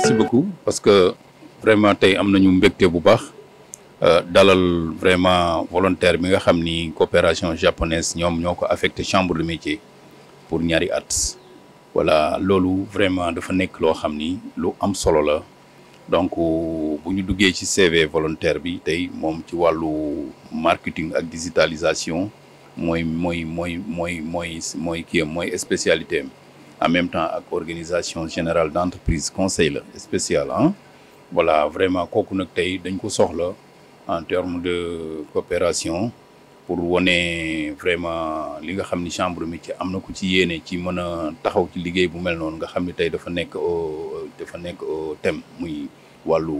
merci beaucoup parce que vraiment tey am nañu mbégte bu baax euh, dalal vraiment volontaire bi nga xam ni coopération japonaise ñoom ñoo ko affecté chambre de métier pour ñaari at. voilà loolu vraiment dafa nekk loo xam ni lu am solo la donc euh, bu ñu duggee ci CV volontaire bi tey moom ci wàllu marketing ak digitalisation mooy mooy mooy mooy mooy mooy kii mooy spécialité en même temps ak organisation générale d'entreprise conseil la spéciale ah voilà vraiment kooku nag tey dañ ko soxla en terme de coopération pour wane vraiment li nga xam ni chambre ci am na ku ci yéene ci mën a taxaw ci liggéey bu mel noonu nga xam ni tey dafa nekk au dafa nekk au muy wàllu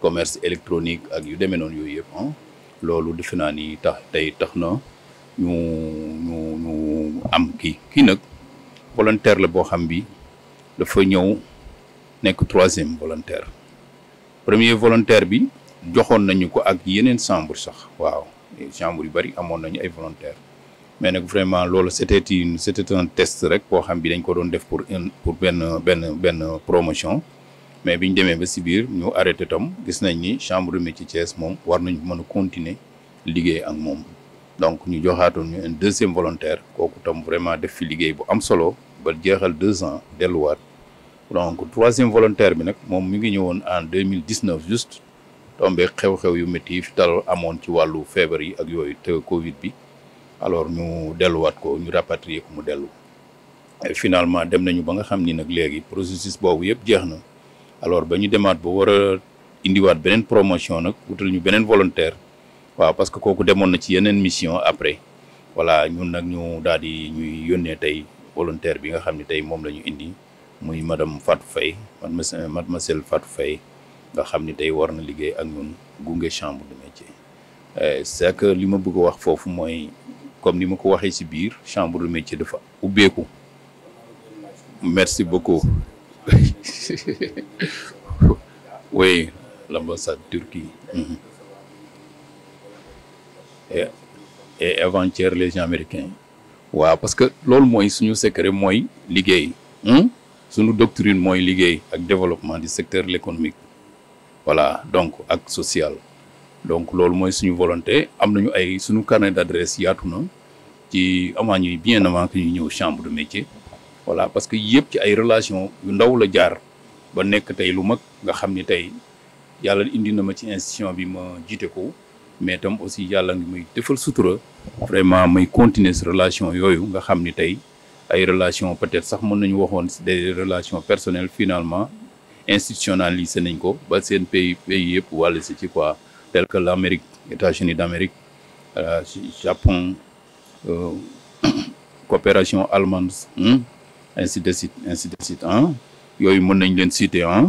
commerce électronique ak yu demee noon yooyu yëpp ah loolu defe naa ni tax tey tax na ñu am kii kii nag volontaire la boo xam bi dafa ñëw nekk troisième volontaire premier volontaire bi joxoon nañu ko ak yeneen chambre sax waaw chambre yu bari amoon nañu ay volontaire mais nag vraiment loolu c'était te c'était un test rek boo xam bi dañ ko doon def pour pour benn benn benn promotion mais bi ñu demee ba si biir ñu arrêté tom gis nañ ni chambre mi ci Thiès moom war nañu mën a continuer liggéey ak moom donc ñu joxaatoon ñu un deuxième volontaire kooku tam vraiment def fi liggéey bu am solo ba jeexal deux ans delluwaat donc troisième volontaire bi nag moom mi ngi ñëwoon en deux mille dix neuf juste tombé xew-xew yu métti yi fi tal amoon ci wàllu feebar yi ak yooyu te Covid bi alors ñu delluwaat ko ñu rapatrier mu dellu. finalement dem nañu ba nga xam ni nag léegi processus boobu yëpp jeex na alors ba ñu demaat ba war a indiwaat beneen promotion nag wutal ñu beneen volontaire. waaw parce que kooku demoon na ci yeneen mission après voilà ñun nag ñu daal di ñuy yónnee tey volontaire bi nga xam ne tey moom la ñu indi muy madame Fatou Faye mademoiselle Fatou Faye nga xam ni tey war na liggéey ak ñun gunge chambre de métier euh, c'est que li ma bëgg a wax foofu mooy comme ni ma ko waxee ci biir chambre de métier dafa ubbeeku merci beaucoup oui l'ambassade Turquie mm-hmm. et et les gens américains waaw parce que loolu mooy suñu secret mooy liggéey hmm? suñu doctrine mooy liggéey ak développement du secteur économique voilà donc ak social donc loolu mooy suñu volonté am nañu ay suñu carnet d'adresse yaatu na ci avant ñuy bien avant que ñuy ñëw chambre de métier voilà parce que yëpp ci ay relation yu ndaw la jaar ba nekk tey lu mag nga xam ni tey yàlla indi na ma ci institution bi ma jiite ko mais tam aussi yàlla ngi muy defal sutura vraiment muy continuer si relation yooyu nga xam ni tey ay relation peut-être sax mën nañu waxoon des relations personnelles finalement institutionnalisé nañ ko ba seen pays yëpp wala si ci quoi tel que l'Amérique États-Unis d'Amérique euh, Japon euh, coopération allemande hmm, ainsi de suite ainsi de suite ah yooyu mën nañ leen citer ah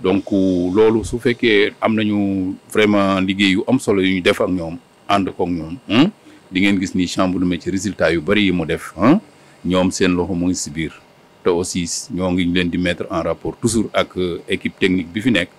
donc loolu su fekkee am nañu vraiment liggéey yu am solo yu ñu def ak ñoom ànd kook ñoom hmm, di ngeen gis ni chambre de métier résultat yu bari yi mu def hmm, ñoom seen loxo mu ngi si biir te aussi ñoo ngi leen di mettre en rapport toujours ak euh, équipe technique bi fi nekk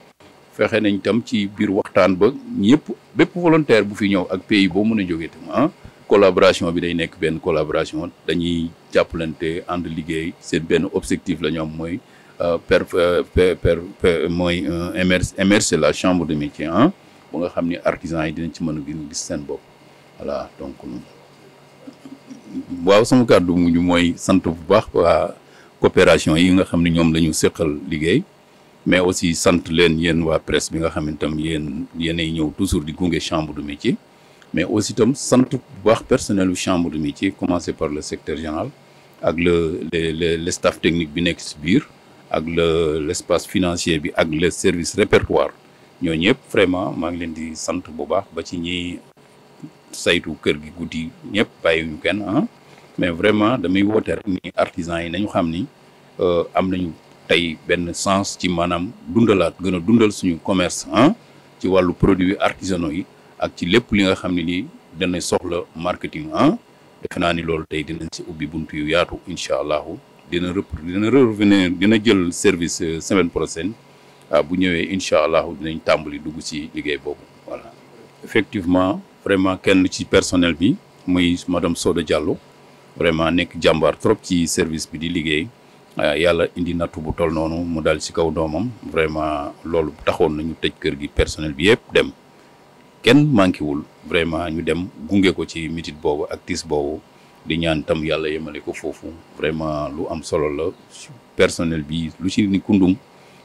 fexe nañ tam ci biir waxtaan ba ñëpp bépp volontaire bu fi ñëw ak pays boo mën a jógee tam ah collaboration bi day nekk benn collaboration dañuy jàppalante ànd liggéey seen benn objectif la ñoom mooy Euh, euh, per per mooy euh, MRC la chambre de métier ah bu nga xam ni artisans yi dinañ ci mën a gën gis seen bopp voilà donc waaw sama kàddu ñu mooy sant bu baax waa coopération yi nga xam ne ñoom la ñu seqal liggéey mais aussi sant leen yéen waa presse bi nga xam ne tam yéen yéenay ñëw toujours di gunge chambre de métier mais aussi tam sant bu baax personnel u chambre de métier commencé par le secteur général ak le le le staff technique bi nekk si biir ak le l'espace financier bi ak le service répertoire ñoo ñëpp vraiment maa ngi leen di sant bu baax ba ci ñii saytu kër gi guddi ñëpp bàyyiwuñu kenn ah mais vraiment damay woote rek ni artisans yi nañu xam ni euh, am nañu tey benn sens ci maanaam dundalaat gën a dundal suñu commerce ah ci wàllu produits artisanaux yi ak ci lépp li nga xam ne nii dana soxla marketing ah defe naa ni loolu tey dinañ si ubbi bunt yu yaatu incha allahu dina rep dina revenir dina jël service euh, semaine prochaine ah bu ñëwee incha allahu dinañ tàmbali dugg ci liggéey boobu voilà. effectivement vraiment kenn ci personnel bi muy madame Soda Diallo vraiment nekk jàmbaar trop ci service bi di liggéey ah, yàlla indi nattu bu tol noonu mu dal ci kaw doomam vraiment loolu taxoon nañu tej kër gi personnel bi yëpp dem kenn manqué wul vraiment ñu dem gunge ko ci mitit boobu ak tiis boobu. di ñaan tam yàlla yemale ko foofu vraiment lu am solo la personnel bi lu ci ni kundum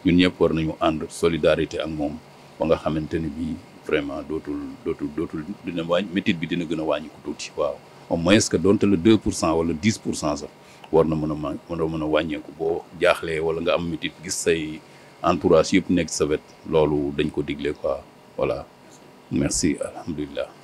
ñun ñëpp war nañu ànd solidarité ak moom ba nga xamante ne bii vraiment dootul dootul dootul dina wàññi métit bi dina gën a wàññi ko tuuti waaw au moins que donte le deux pour cent wala dix pour cent war na mën a man mën a mën a wàññeeku boo jaaxlee wala nga am métit gis say entourage yëpp nekk sa wet loolu dañ ko digle quoi voilà merci alhamdulilah